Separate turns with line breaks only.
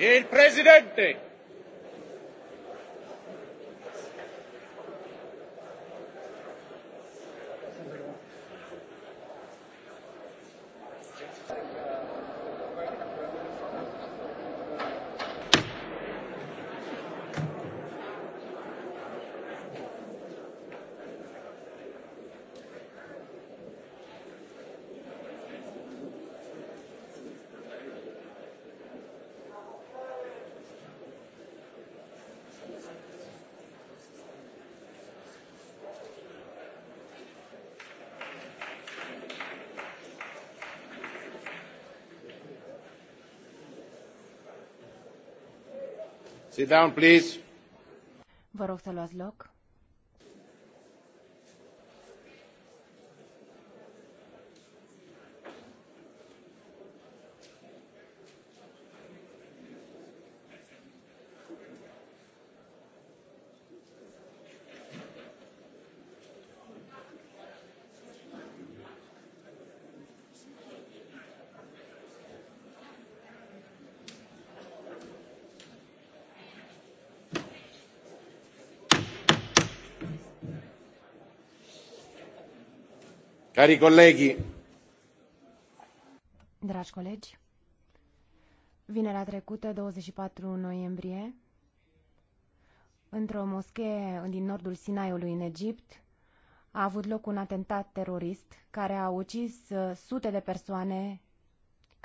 Il Presidente!
Sit down, please.
Vă rog să luați loc.
Cari colleghi,
Dragi colegi, vinerea trecută, 24 noiembrie, într-o moschee din nordul Sinaiului în Egipt, a avut loc un atentat terorist care a ucis uh, sute de persoane